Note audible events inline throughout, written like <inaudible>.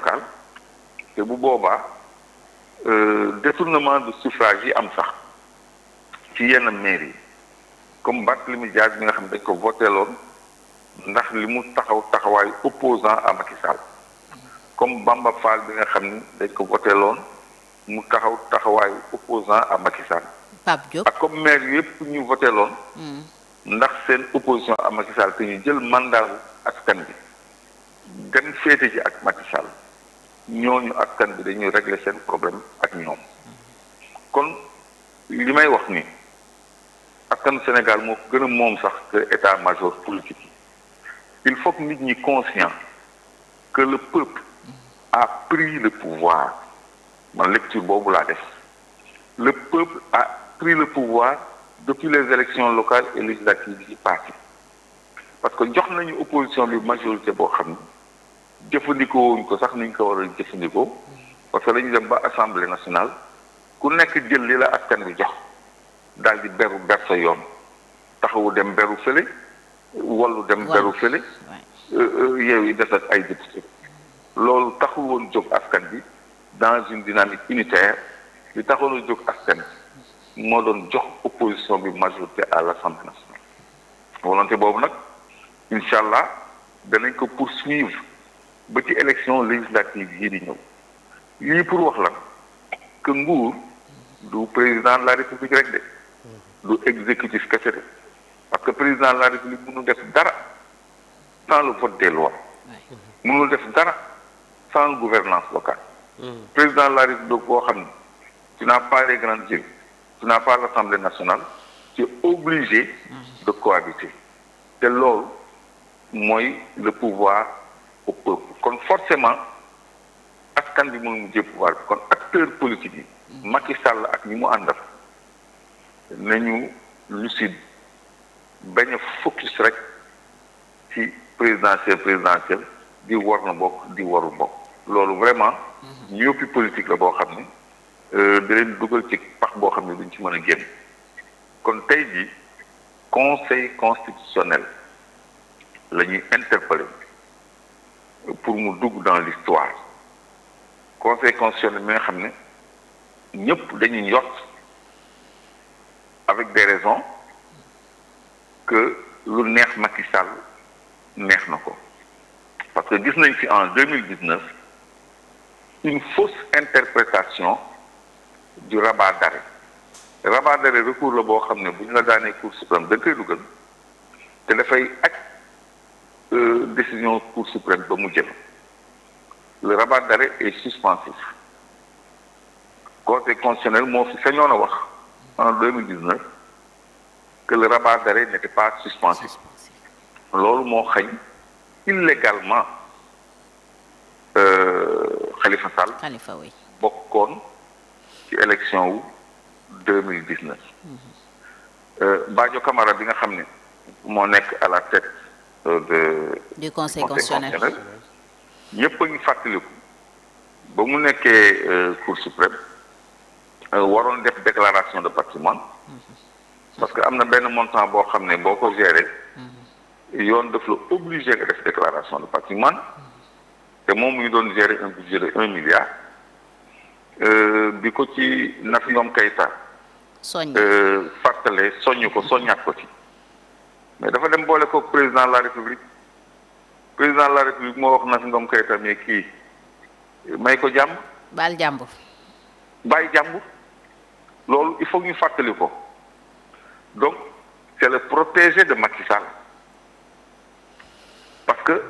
locale te bu boobaa euh, détournement de suffrage yi am sax ci yenn mairie yi comme Barthélémy Dias bi nga xam ne dañ ko voteloon ndax li mu taxaw taxawaayu opposant à Macky comme Bamba bi nga xam ni dañ ko voteloon mu taxaw taxawaayu opposant à Macky Sall ak comme maire yëpp ñu voteloon hmm. ndax seen opposition à Macky Sall te ñu jël ak askan bi dem féete ji ak Macky ñooñu askan bi dañuy régler seen problème ak ñoom kon li may wax ni askanu Sénégal moo gën a moom sax que état major politique yi il faut nit ñi conscient que le peuple a pris le pouvoir man lecture boobu laa def le peuple a pris le pouvoir depuis les élections locales et législatives yi passées parce que jox nañu opposition bi majorité boo xam ni jëfandikoo ko sax niñ ko war a jëfandikoo parce que lañu dem ba assemblée nationale ku nekk jël li la askan bi jox daal di beru ber sa yoon taxawu dem beru fële wallu dem beru fële euh, euh, yeew yi des ay loolu taxul woon jóg askan bi dans une dynamique unitaire li taxoon a jóg askan bi moo doon jox opposition bi majorité à l'Assemblée nationale volonté boobu nag incha allah danañ ko poursuivre ba ci élection législative yi di ñëw lii pour wax la que nguur du président de la république rek de du exécutif kese de parce que président de la république mënul def dara sans le vote des lois mënul def dara sans gouvernance locale président de la république boo xam ne tu n'as pas les grandes villes tu n'as pas l'assemblée nationale tu es de cohabiter te loolu mooy le pouvoir au peuple kon forcément askan bi mu mujjee pouvoir bi kon acteur politique yi. Mm. Macky Sall ak ñi mu àndal ñu lucide bañ a focus rek ci présidentiel présidentiel di war na bokk di waru bokk loolu vraiment. Mm-hmm. ñëppi politique la boo xam ne euh, da leen dugal ci pax boo xam ne duñ ci mën a génn kon tey jii conseil constitutionnel la ñuy interpellé. pour mu dugg dans l'histoire conseil constitutionnel mi nga xam ne ñëpp dañuy yot avec des raisons que lu neex Macky Sall neex na ko parce que gis nañ fi en deux mille dix-neuf une fausse interprétation du rabat d'arrêt rabat d'arrêt la boo xam ne bu ñu la daanee cour suprême dañ koy dugal te dafay aj Euh, décision Cour suprême ba mu jël le rabat d'arrêt est suspensif moo fi sañoon a wax en 2019 que le rabat d'arrêt n'était pas suspensif loolu moo xañ illégalement euh, Khalifa Sall Khalifa oui bokkoon ci élection wu 2019 mm-hmm. euh, Badio bi nga xam ne moo nekk à la tête Euh, de. du conseil constitutionnel ngi fàttaliku ba mu nekkee euh, cour suprême euh, waroon def déclaration de patrimoine mm-hmm. parce que am na benn montant boo xam ne boo ko géré mm-hmm. yoon daf la obligé nga def déclaration de patrimoine mm-hmm. te moom mu ngi doon gérer un budget de milliard bi ko ci Nafi Ngom Keïta. soññ fàttale soññ ko soññaat ko ci. mais dafa dem boole ko président de la république président de la république moo wax Nafi Ngom Keïta mais kii may ko jàmm. baal jàmbur. bàyyi jàmbur loolu il faut ñu fàttali ko donc c'est le protégé de Macky Sall parce que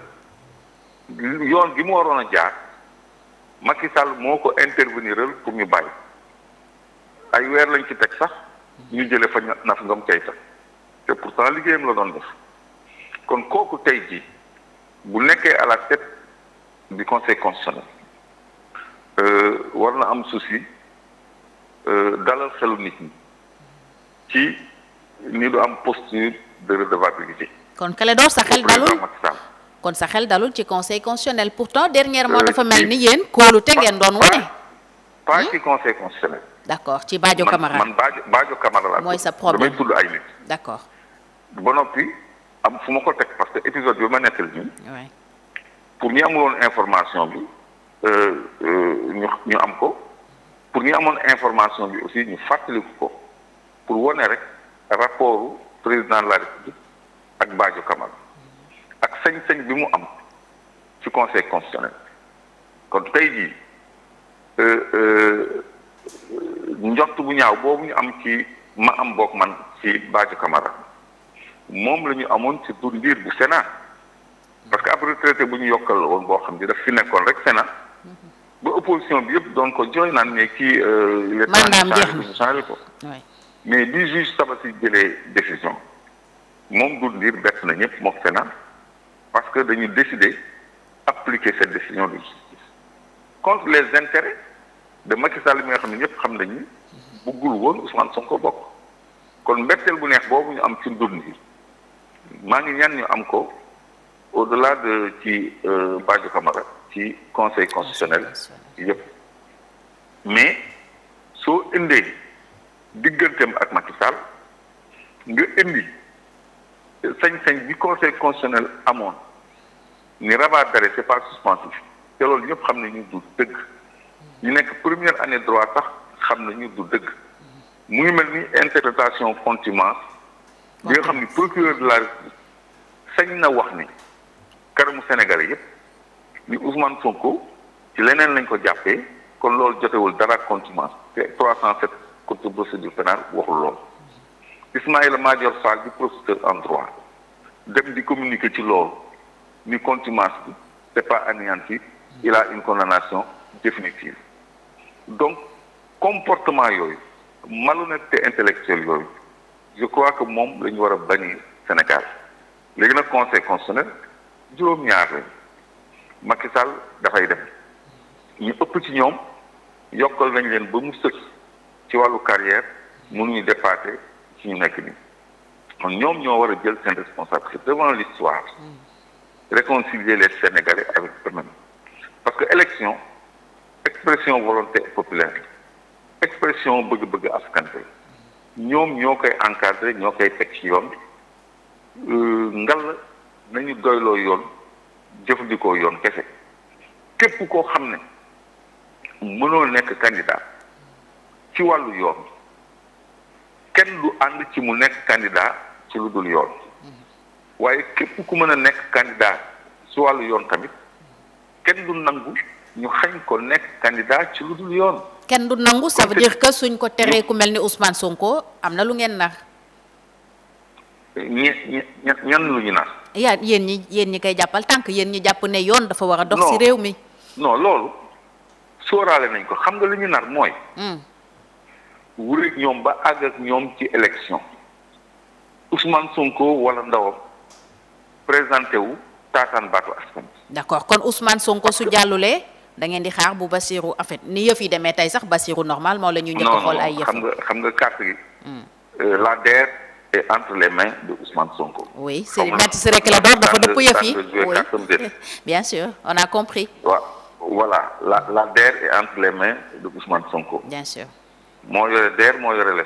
yoon gi mu waroon a jaar Macky Sall moo ko interveniral pour ñu bàyyi ay weer lañ ci teg sax ñu jëlee fa Nafi Ngom Keïta te pourtant liggéeyam la doon def kon kooku tey ji bu nekkee à la tête du conseil constitutionnel euh, war na am souci euh, dalal xelu nit ñi ci ni du am posture de redevabilité. kon Clédor sa xel dalul kon sa xel dalul ci conseil constitutionnel pourtant dernièrement euh, dafa mel ni yéen kóolute ngeen doon wane. pas hmm? ci conseil constitutionnel. d' ci baajo Camara man man Badio Camara laa. mooy sa problème damay tudd ay nit. d' accord. ba noppi am fu ma ko teg parce que épisode bi ma nekkal nii. pour ñi amuloon information bi euh, euh, ñu ñu am ko pour ñu amoon information bi aussi ñu fàttaliku ko pour wane rek rapportu président de la république ak Badio Camara ak sañ-sañ bi mu am ci conseil constitutionnel kon tey jii euh, njort bu ñaaw boobu ñu am ci ma am bokk man ci Badio Camara moom la ñu amoon ci dundiir bu sena parce que ab retraité bu ñu yokkal la woon boo xam ni daf fi nekkoon rek sena ba opposition bi yëpp doon ko jooy naan ne kii. Euh, maanaam jeex na changé ko mais bi juge Sabati jëlee décision moom dundiir bett na ñëpp moom Sénat parce que dañu décider appliquer cette décision de justice contre les intérêts de Macky Sall mi nga xam ne ñëpp xam nañu buggul woon Ousmane ko bokk kon mbetteel bu neex boobu ñu am ci dundiir. maa ngi ñaan ñu am ko au delà de ci euh, Badio Camara ci conseil constitutionnel yëpp mais soo indee digganteem ak Macky Sall nga indi sañ-sañ bi conseil constitutionnel amoon ni rabat d'arrêt c'est pas suspensif te loolu ñëpp xam nañu du dëgg ñu nekk première année droit sax xam nañu du dëgg mu ngi mel ni interprétation contumace bi nga xam ni procureur de la sañ na wax ni karamu Sénégalais yépp ni Ousmane Sonko ci leneen lañ ko jàppee kon loolu jotewul dara contumace te 307 code procédure pénale waxul lool Ismaïla Madior Fall di professeur en droit dem di communiquer ci loolu ni contumace bi c'est pas anéanti il a une condamnation définitive donc comportement yooyu malhonnêteté intellectuelle yooyu je crois que moom la ñu war a bannir Sénégal léegi nag conseil constitutionnel juróom-ñaar lañ Macky Sall dafay dem ñu ëpp ci ñoom yokkal nañ leen ba mu sëkk ci wàllu carrière ñuy dépassé ci ñu nekk nii kon ñoom ñoo war a jël seen responsabilité devant l'histoire réconcilier les Sénégalais avec eux-mêmes parce que élection expression volonté populaire expression bëgg-bëgg askan ñoom ñoo koy encadré ñoo koy teg ci yoon Euh, ngal nañu doyloo yoon jëfandikoo yoon kese képp koo xam ne mënoo nekk candidat ci wàllu yoon kenn du ànd ci mu nekk candidat ci lu dul yoon waaye képp ku mën a nekk candidat ci wàllu yoon tamit kenn du nangu ñu xañ ko nekk candidat ci lu dul yoon. kenn du nangu ça veut dire suñ ko teree ku mel ni Ousmane Sonko am na lu ngeen na ñe ñe ñan lu ñu naan. yaa yéen ñi yéen ñi koy jàppal tànk yéen ñi jàpp ne yoon dafa war a. dox ci réew mi non loolu. sóoraale nañ ko xam nga lu ñu nar mooy. Hmm. ñoom ba àgg ñoom ci élection Ousmane Sonko wala ndawam présenté wu taataan baatu askan d' accord kon Ousmane Sonko su jàllulee da ngeen di xaar bu Basirou en fait ni yëf demee tey sax Basirou normal moo la ñu njëkk xool xam nga xam nga carte gi. Hmm. Euh, la DER. est entre les mains de Ousmane Sonko. la doon dafa dëpp yëf yi oui <laughs> bien sûr on a compris. waaw voilà la la DER est entre les mains de Ousmane Sonko. bien sûr. moo yore DER moo yore